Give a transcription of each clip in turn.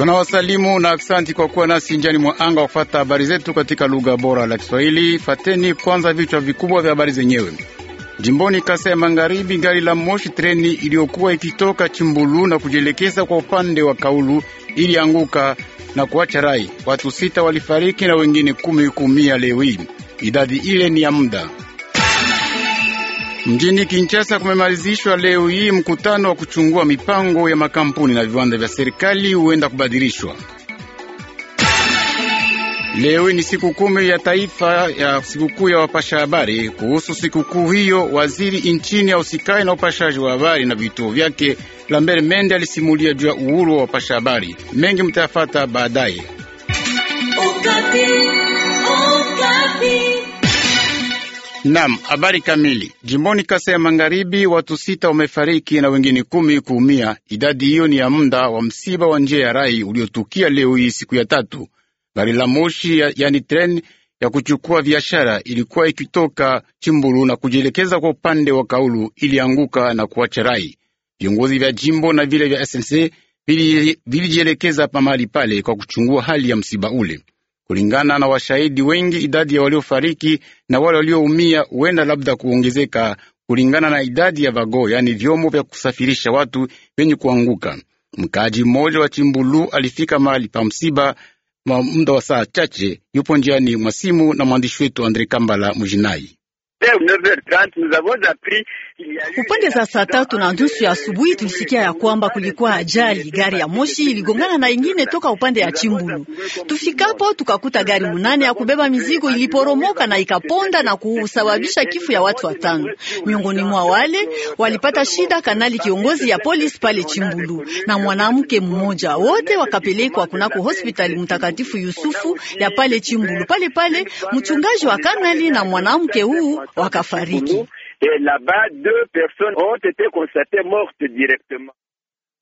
Tunawasalimu na aksanti kwa kuwa nasi njani mwa anga kufata habari zetu katika lugha bora la Kiswahili. Fateni kwanza vichwa vikubwa vya habari zenyewe. Jimboni Kasa ya Magharibi, gari la moshi treni iliyokuwa ikitoka Chimbulu na kujielekeza kwa upande wa Kaulu ilianguka na kuacha rai. Watu sita walifariki na wengine kumi kuumia. Leo hii idadi ile ni ya muda Mjini Kinshasa kumemalizishwa leo hii mkutano wa kuchungua mipango ya makampuni na viwanda vya serikali huenda kubadilishwa. Leo ni siku kumi ya taifa ya sikukuu ya wapasha habari. Kuhusu sikukuu hiyo, waziri nchini usikai na upashaji wa habari na vituo vyake Lambert Mende alisimulia juu ya uhuru wa wapasha habari. Mengi mtayafata baadaye. Nam, habari kamili. Jimboni Kasa ya Magharibi, watu sita wamefariki na wengine kumi kuumia. Idadi hiyo ni ya muda wa msiba wa njia ya rai uliotukia leo hii siku ya tatu. Gari la moshi ya, yani tren ya kuchukua biashara ilikuwa ikitoka Chimbulu na kujielekeza kwa upande wa Kaulu, ilianguka na kuacha rai. Viongozi vya jimbo na vile vya SNC vilijielekeza pamali pale kwa kuchungua hali ya msiba ule. Kulingana na washahidi wengi, idadi ya waliofariki na wale walioumia huenda labda kuongezeka kulingana na idadi ya vago, yani vyombo vya kusafirisha watu vyenye kuanguka. Mkaaji mmoja wa Chimbulu alifika mahali pa msiba muda wa saa chache, yupo njiani mwa simu na mwandishi wetu Andre Kambala Mujinai. Upande za saa tatu na nusu ya asubuhi tulisikia ya kwamba kulikuwa ajali, gari ya moshi iligongana na ingine toka upande ya Chimbulu. Tufikapo tukakuta gari munane ya kubeba mizigo iliporomoka na ikaponda na kusababisha kifo ya watu watano. Miongoni mwa wale walipata shida kanali kiongozi ya polisi pale Chimbulu na mwanamke mmoja, wote wakapelekwa kunako hospitali Mtakatifu Yusufu ya pale Chimbulu. Pale pale mchungaji wa kanali na mwanamke huu wakafariki.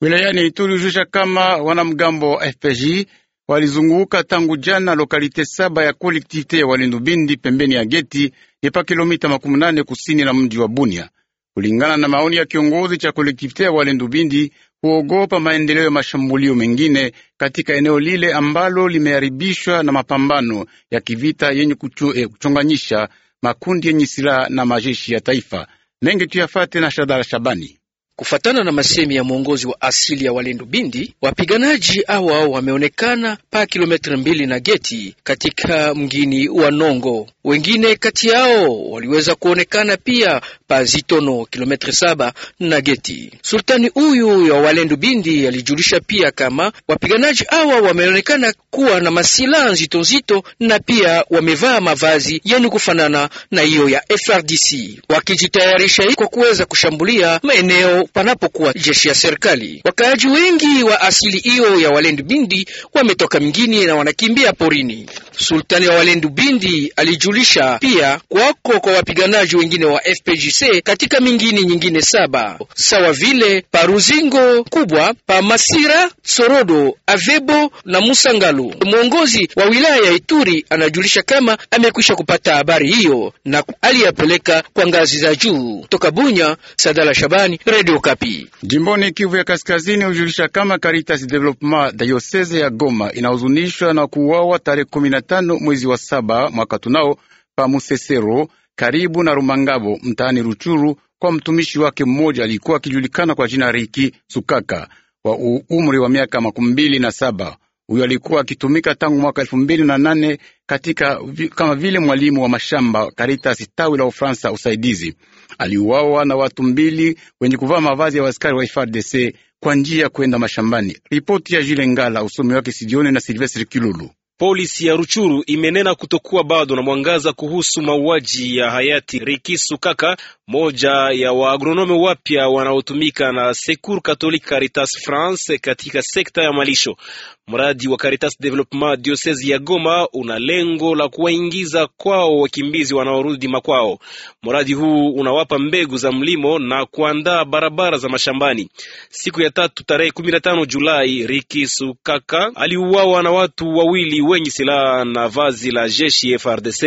Wilayani Ituri kama wanamgambo wa FPJ walizunguka tangu jana lokalite saba ya kolektivite ya Walendu Bindi pembeni ya geti yepa kilomita makumi nane kusini na mji wa Bunia. Kulingana na maoni ya kiongozi cha kolektivite ya Walendu Bindi, huogopa maendeleo ya mashambulio mengine katika eneo lile ambalo limeharibishwa na mapambano ya kivita yenye eh, kuchonganyisha makundi yenye silaha na majeshi ya taifa mengi tuyafate na Shadara Shabani. Kufatana na masemi ya mwongozi wa asili ya Walendu Bindi, wapiganaji awa wameonekana pa kilometre mbili na geti katika mgini wa Nongo. Wengine kati yao waliweza kuonekana pia pa Zitono, kilometre saba na geti. Sultani huyu ya Walendu Bindi alijulisha pia kama wapiganaji awa wameonekana kuwa na masila nzito nzito na pia wamevaa mavazi yani kufanana na hiyo ya FRDC wakijitayarisha kwa kuweza kushambulia maeneo panapokuwa jeshi ya serikali. Wakaaji wengi wa asili hiyo ya Walendu Bindi wametoka mingine na wanakimbia porini. Sultani wa Walendu Bindi alijulisha pia kwako kwa wapiganaji wengine wa FPGC katika mingini nyingine saba sawa vile Paruzingo kubwa pa Masira, Sorodo, Avebo na Musangalu. Mwongozi wa wilaya ya Ituri anajulisha kama amekwisha kupata habari hiyo na aliyapeleka kwa ngazi za juu. Toka Bunya, Sadala Shabani, Radio Okapi. Jimboni Kivu ya Kaskazini hujulisha kama Caritas Development Diocese ya Goma inahuzunishwa na kuuawa tarehe 15 mwezi wa saba mwaka tunao pa Musesero karibu na Rumangabo mtaani Ruchuru kwa mtumishi wake mmoja alikuwa akijulikana kwa jina Riki Sukaka wa umri wa miaka makumi mbili na saba. Huyo alikuwa akitumika tangu mwaka elfu mbili na nane katika kama vile mwalimu wa mashamba Caritas tawi la Ufaransa usaidizi aliuawa na watu mbili wenye kuvaa mavazi ya askari wa frdc kwa njia ya kwenda mashambani. Ripoti ya Jile Ngala, usomi wake sidione na silvestre Kilulu. Polisi ya Ruchuru imenena kutokuwa bado na mwangaza kuhusu mauaji ya hayati Rikisu Kaka, moja ya waagronome wapya wanaotumika na Secours Catholique Caritas France katika sekta ya malisho. Mradi wa Caritas Development Diocese ya Goma una lengo la kuwaingiza kwao wakimbizi wanaorudi makwao. Mradi huu unawapa mbegu za mlimo na kuandaa barabara za mashambani. Siku ya tatu tarehe 15 Julai, Rikisu Kaka aliuawa na watu wawili wenye silaha na vazi la jeshi FRDC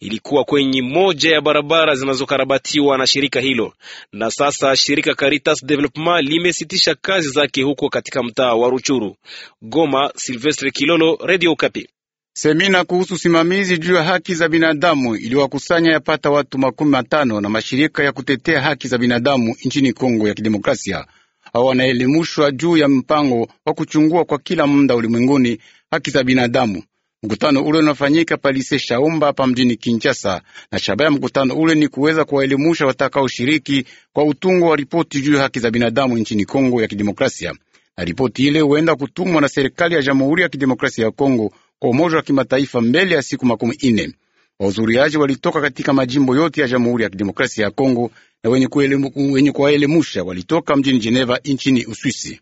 ilikuwa kwenye moja ya barabara zinazokarabatiwa na shirika hilo, na sasa shirika Caritas Development limesitisha kazi zake huko katika mtaa wa Ruchuru. Goma, Silvestre Kilolo, Radio Okapi. Semina kuhusu usimamizi juu ya haki za binadamu iliwakusanya yapata watu makumi matano na mashirika ya kutetea haki za binadamu nchini Kongo ya Kidemokrasia. Hao wanaelimishwa juu ya mpango wa kuchungua kwa kila muda ulimwenguni haki za binadamu. Mkutano ule unafanyika palise Shaumba hapa mjini Kinshasa, na shabaha ya mkutano ule ni kuweza kuwaelimusha watakaoshiriki kwa utungo wa ripoti juu ya haki za binadamu nchini Kongo ya Kidemokrasia, na ripoti ile huenda kutumwa na serikali ya Jamhuri ya Kidemokrasia ya Kongo kwa Umoja wa Kimataifa mbele ya siku makumi ine. Wahudhuriaji walitoka katika majimbo yote ya Jamhuri ya Kidemokrasia ya Kongo na wenye kuwaelimusha walitoka mjini Geneva nchini Uswisi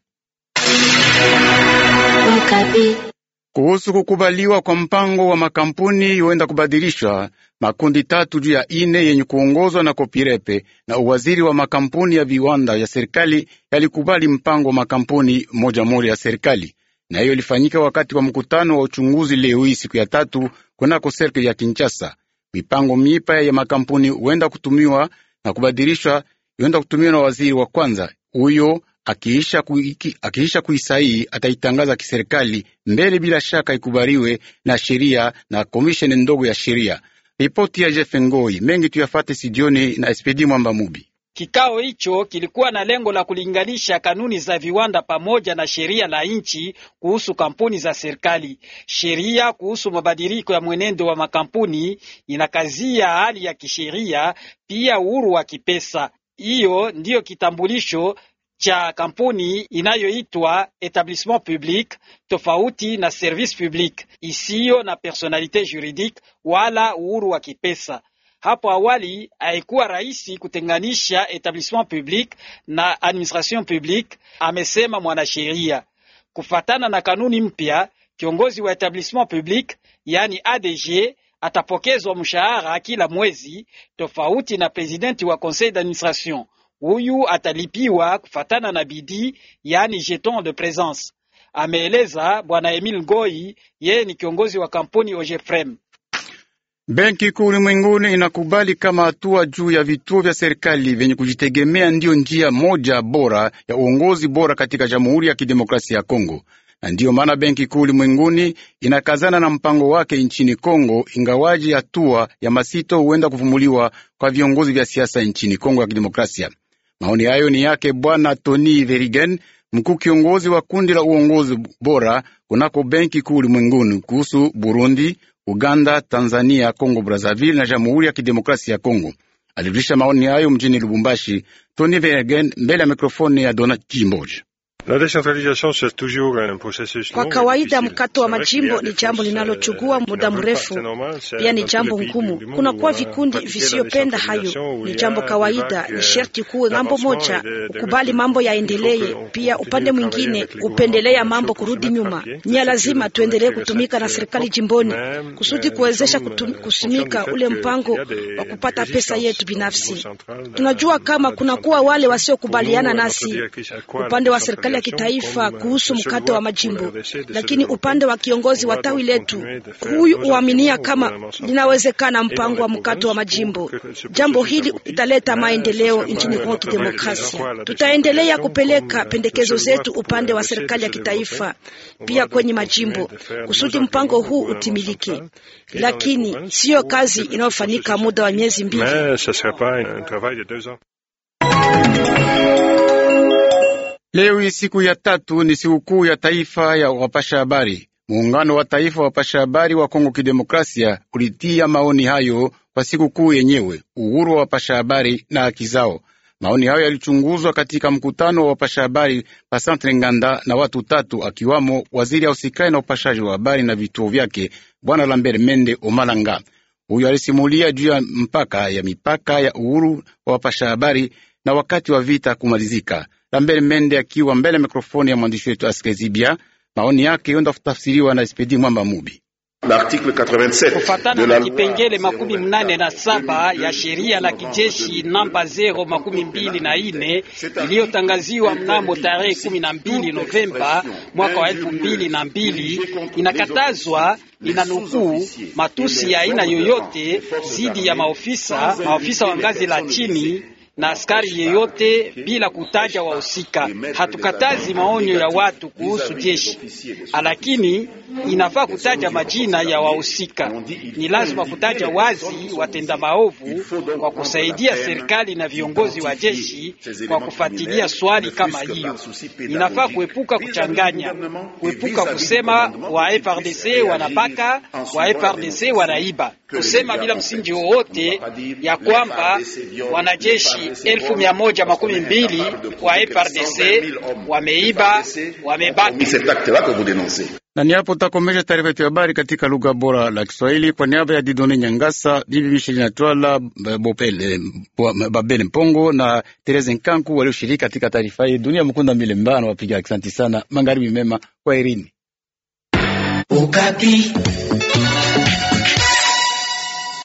kuhusu kukubaliwa kwa mpango wa makampuni huenda kubadilishwa makundi tatu juu ya ine yenye kuongozwa na Kopirepe na uwaziri wa makampuni ya viwanda ya serikali yalikubali mpango wa makampuni moja moja ya serikali, na hiyo ilifanyika wakati wa mkutano wa uchunguzi leo hii siku ya tatu kunako serikali ya Kinshasa. Mipango miipa ya makampuni huenda kutumiwa na kubadilishwa, huenda kutumiwa na waziri wa kwanza huyo akiisha, kuiki, kuisai ataitangaza kiserikali mbele, bila shaka ikubaliwe na sheria na komisheni ndogo ya sheria. Ripoti ya Jeff Ngoi mengi tuyafate sidioni na SPD Mwamba Mubi. Kikao hicho kilikuwa na lengo la kulinganisha kanuni za viwanda pamoja na sheria la nchi kuhusu kampuni za serikali. Sheria kuhusu mabadiliko ya mwenendo wa makampuni inakazia hali ya kisheria, pia uhuru wa kipesa. Hiyo ndiyo kitambulisho cha kampuni inayoitwa établissement Public, tofauti na Service Public isiyo na personnalité juridique wala uhuru wa kipesa. Hapo awali haikuwa rahisi kutenganisha Etablissement Public na Administration Publique, amesema mwanasheria. Kufatana na kanuni mpya, kiongozi wa Etablissement Public yani ADG atapokezo mshahara la mwezi tofauti na presidenti wa conseil d'administration. huyu atalipiwa kufatana na bidii, yaani jeton de presence, ameeleza bwana Emil Ngoi, yeye ni kiongozi wa kampuni Ogefrem. Benki Kuu Ulimwenguni inakubali kama hatua juu ya vituo vya serikali vyenye kujitegemea ndiyo njia moja bora ya uongozi bora katika Jamhuri ya Kidemokrasia ya Kongo, na ndiyo maana Benki Kuu Ulimwenguni inakazana na mpango wake nchini Kongo, ingawaji hatua ya masito huenda kuvumuliwa kwa viongozi vya siasa nchini Kongo ya Kidemokrasia. Maoni hayo ni yake Bwana Tony Verigen, mkuu kiongozi wa kundi la uongozi bora kunako benki kuu ulimwenguni kuhusu Burundi, Uganda, Tanzania, congo Brazzaville na Jamhuri ya Kidemokrasia ya congo Alirudisha maoni hayo mjini Lubumbashi. Tony Verigen mbele ya mikrofoni ya Dona Chimboja. Kwa kawaida mkato wa majimbo ni jambo linalochukua euh, muda mrefu, pia ni jambo ngumu. Kunakuwa vikundi visiyopenda hayo, ni jambo kawaida. Ni euh, sherti kuwe ng'ambo moja ukubali mambo yaendelee, pia upande mwingine upendelea mambo kurudi nyuma. Ni lazima tuendelee kutumika na serikali jimboni euh, kusudi kuwezesha kusimika ule mpango wa kupata pesa yetu binafsi. Tunajua kama kunakuwa wale wasiokubaliana nasi upande wa serikali serikali ya kitaifa kuhusu mkato wa majimbo, lakini upande wa kiongozi wa tawi letu huyu huaminia kama linawezekana mpango wa mkato wa majimbo. Jambo hili italeta maendeleo nchini Kongo Kidemokrasia. Tutaendelea kupeleka euh, pendekezo zetu upande wa serikali ya kitaifa, pia kwenye majimbo, kusudi mpango huu utimilike, lakini siyo kazi inayofanyika muda wa miezi mbili. Leo hii siku ya tatu ni sikukuu ya taifa ya wapasha habari. Muungano wa taifa wa wapasha habari wa Kongo Kidemokrasia ulitia maoni hayo kwa sikukuu yenyewe, uhuru wa wapasha habari na haki zao. Maoni hayo yalichunguzwa katika mkutano wa wapasha habari pa Santre Nganda na watu tatu, akiwamo waziri ausikai na upashaji wa habari na vituo vyake, Bwana Lambert Mende Omalanga. Huyo alisimulia juu ya mpaka ya mipaka ya uhuru wa wapasha habari na wakati wa vita kumalizika Lambert Mende akiwa mbele ya mikrofoni ya mwandishi wetu Askezibia. Maoni yake yonda kutafsiriwa na Espedi Mwamba Mubi kufatana na kipengele makumi mnane na saba ya sheria la kijeshi namba zero makumi mbili na ine iliyotangaziwa mnamo tarehe kumi na mbili Novemba mwaka wa elfu mbili na mbili inakatazwa inanukuu matusi ya aina yoyote zidi ya maofisa maofisa wa ngazi la chini na askari yeyote bila kutaja wahusika. Hatukatazi maonyo ya watu kuhusu jeshi, lakini inafaa kutaja majina ya wahusika. Ni lazima kutaja wazi watenda maovu kwa kusaidia serikali na viongozi wa jeshi kwa kufuatilia swali kama hiyo. Inafaa kuepuka kuchanganya, kuepuka kusema wa FRDC wanapaka, wa FRDC wanaiba, kusema bila msingi wowote ya kwamba wanajeshi askari elfu mia moja makumi mbili wa FARDC wameiba, wamebaki. Na ni hapo takomesha taarifa yetu ya habari katika lugha bora la Kiswahili kwa niaba ya Didone Nyangasa, Bibi Michelina Twala, Babele Mpongo na Therese Nkanku walioshiriki katika taarifa hii. Dunia Mkunda Mile Mbaa na wapiga kisanti sana. Magharibi mema, kwa herini.